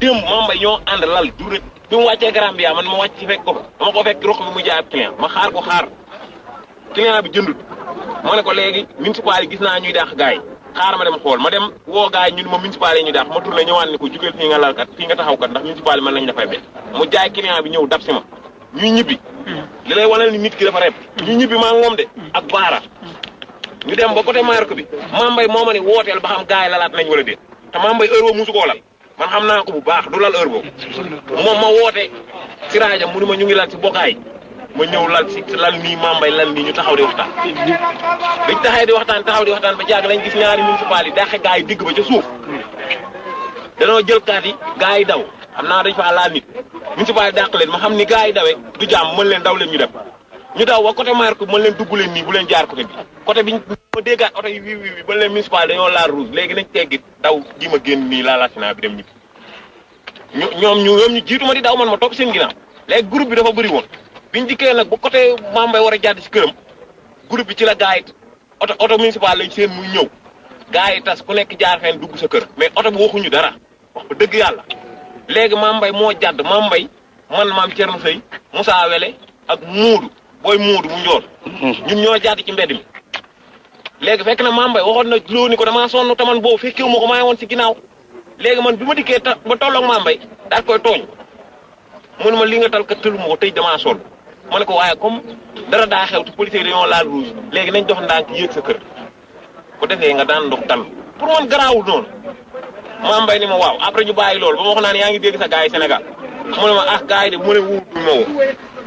démb ma mbay ñoo ànd lal jure bi mu wàccee garam bi yaa man ma wàcc ci fekk ko ma ko fekk roq mu jaay client xaar ko xaar client bi jëndut ma ne ko léegi municipal yi gis naa ñuy dàq gaay xaar ma dem xool ma dem woo gaay ñun ma municipal ñu ñuy dàq ma tur la ni ko jugeel fii nga lalkat fii nga taxawkat ndax municipal yi mën nañ dafay bet mu jaay client bi ñëw dab ma ñu ñibbi li lay wanal ni nit ki dafa reb ñuy ñibbi maa ngoom de ak baara ñu dem ba côté marque bi maa mbay moo ma wooteel ba xam gaay lalaat nañ wala déet te maa mbay koo lal man xam naa ko bu baax du lal heure boobu moom ma woote ci rajo mu ni ma ñu ngi lal ci bokkaay ma ñëw lal ci lal nii mambay lal nii ñu taxaw di waxtaan dañ taxaw di waxtaan taxaw di waxtaan ba jàgg lañ gis ñaari municipal yi daaxe gaa yi digg ba ca suuf danoo jël kaat yi gaa yi daw xam naa dañ fa laal nit municipal yi dàq leen ma xam ni gaa yi dawee du jàmm mën leen daw leen ñu dem ñu daaw wax côté Mayar ko mën dugg leen nii bu leen jaar côté bi côté bi ma déggaat oto yi wii wii bi ba leen municipal dañoo laal rouge léegi nañ teggi daw gi ma génn nii laalaatinaa bi dem ñibbi ñoom ñu ñoom ñu jiitu ma di daw man ma topp seen ginnaaw léegi groupe bi dafa bëri woon biñ dikkee nag ba côté Mambay war a jàdd si këram groupe bi ci la gars yi oto oto municipal lañ seen muy ñëw gars yi tas ku nekk jaar fenn dugg sa kër mais oto bi waxuñu dara wax ba dëgg yàlla léegi Mambay moo jàdd Mambay man maam Thierno Seye Moussa Wele ak Moodu booy muudu mu njool ñun ñoo jaati ci mbedd mi léegi fekk na Mame Mbaye waxoon na loo ko ko soon sonn taman boobu fekkee ma ko maa woon si léegi man bi ma dikkee ta ba tolloog Mame Mbaye daal koy ma li nga tal kat tëlu ma ko tëj ma ne ko waaye comme dara daa xew te policiers yi léegi nañ dox ndànk yéeg sa kër defee nga daan ndox tal pour man garaawul noonu ni ma waaw après ñu bàyyi loolu ba ma wax naan yaa ngi dégg sa gars yi Sénégal mu ne ma ah gars yi de mu ne wuutu ma woo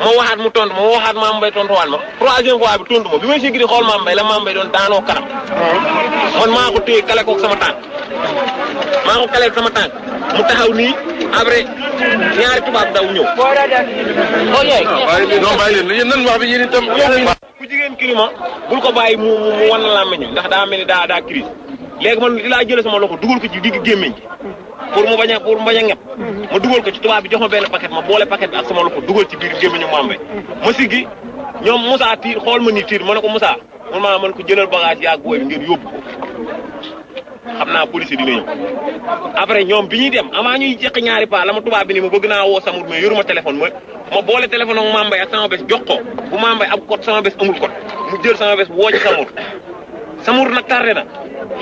ma waxaat mu tontu ma waxaat maam Mbaye tontuwaat ma troisième fois bi tontu ma bi may sigg di xool maam Mbaye la maam Mbaye doon daanoo kanam. man maa ko téye sama tànk maa ko kale sama tànk mu taxaw nii après ñaari tubaab daw ñëw. Oh, ah, ku jigéen kirima bul ko bàyyi mu mu wan la làmmiñ ndax daa mel ni daa daa crise man li laa jëlee sama loxo dugal ko ci digg gi pour mu baña pour mu baña ñep ma duggal ko ci tuba bi jox ma ben paquet ma boole paquet bi ak sama loxo duggal ci biir gémmiñu mambe ma siggi ñom Moussa tir xol ma ni tir ma ko Moussa man ma man ko jëlal bagage yaa gooy ngir yobbu yóbbu ko xam police di ñëw après ñom biñu dem ama ñuy jeq ñaari pa lama tuba bi ni ma bëgg na wo samut me yoruma téléphone ma ma boole téléphone ak mambay ak sama bes jox ko bu mambay ab code sama bes amul code mu jël sama bes wo ci samur samur nak tardé na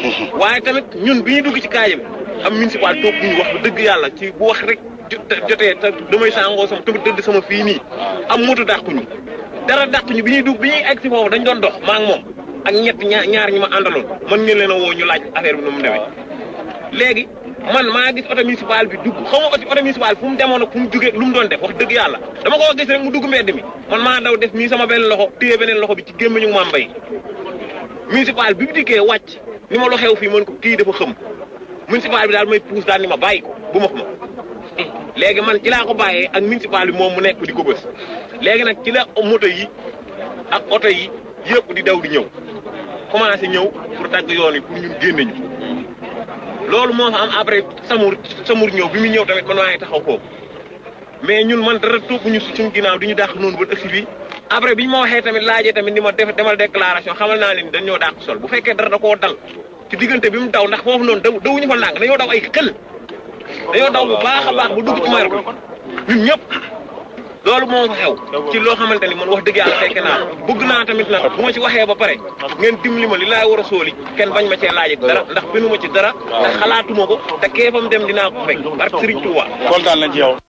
waaye tamit ñun biñu dugg ci kayam am municipal toog bu ñu wax dëgg yàlla ci bu wax rek jotee te damay sangoo sama te dëdd sama fii nii am moto dàquñu dara dàquñu bi ñuy dugg bi ñuy egg si foofu dañ doon dox maa moom ak ñett ñaar ñaar ñi ma àndaloon man ngeen leen a woo ñu laaj affaire bi nu mu demee léegi man maa gis oto municipal bi dugg xaw ma oto municipal fu mu demoon ak fu mu jugee lu mu doon def wax dëgg yàlla dama ko gis rek mu dugg mbedd mi man maa daw def nii sama benn loxo téye beneen loxo bi ci gémmiñu Mame Mbaye municipal bi mu dikkee wàcc ni ma lu xew fii mën ko kii dafa xëm municipal bi daal may puus daal ni ma bàyyi ko bu max ma léegi man ci ko bàyyee ak municipal bi moom mu nekk di ko bës léegi nag ci la moto yi ak oto yi yëpp di daw di ñëw commencé ñëw pour tàgg yoon yi pour ñun génne ñu loolu moo fa am après samur samur ñëw bi muy ñëw tamit man waaye taxaw foofu mais ñun man dara topp ñu suñu ginnaaw di ñu dàq noonu ba ëgsi bi bi ñu ma waxee tamit laajee tamit ni ma def demal déclaration xamal naa leen dañ ñoo dàq sol bu fekkee dara da koo dal ci diggante bi mu daw ndax foofu noonu daw dawuñu fa nang dañoo daw ay xel dañoo daw bu baax a baax bu dugg ci mayor bi ñëpp loolu moo fa xew ci loo xamante ni man wax dëgg yàlla fekke naa bëgg naa tamit nag bu ma ci waxee ba pare ngeen dimbali ma li laay war a sooli kenn bañ ma cee laaj dara ndax binu ma ci dara te xalaatuma ko te keefam dem dinaa ko fekk barke Sëriñ kontaan nañ ci yow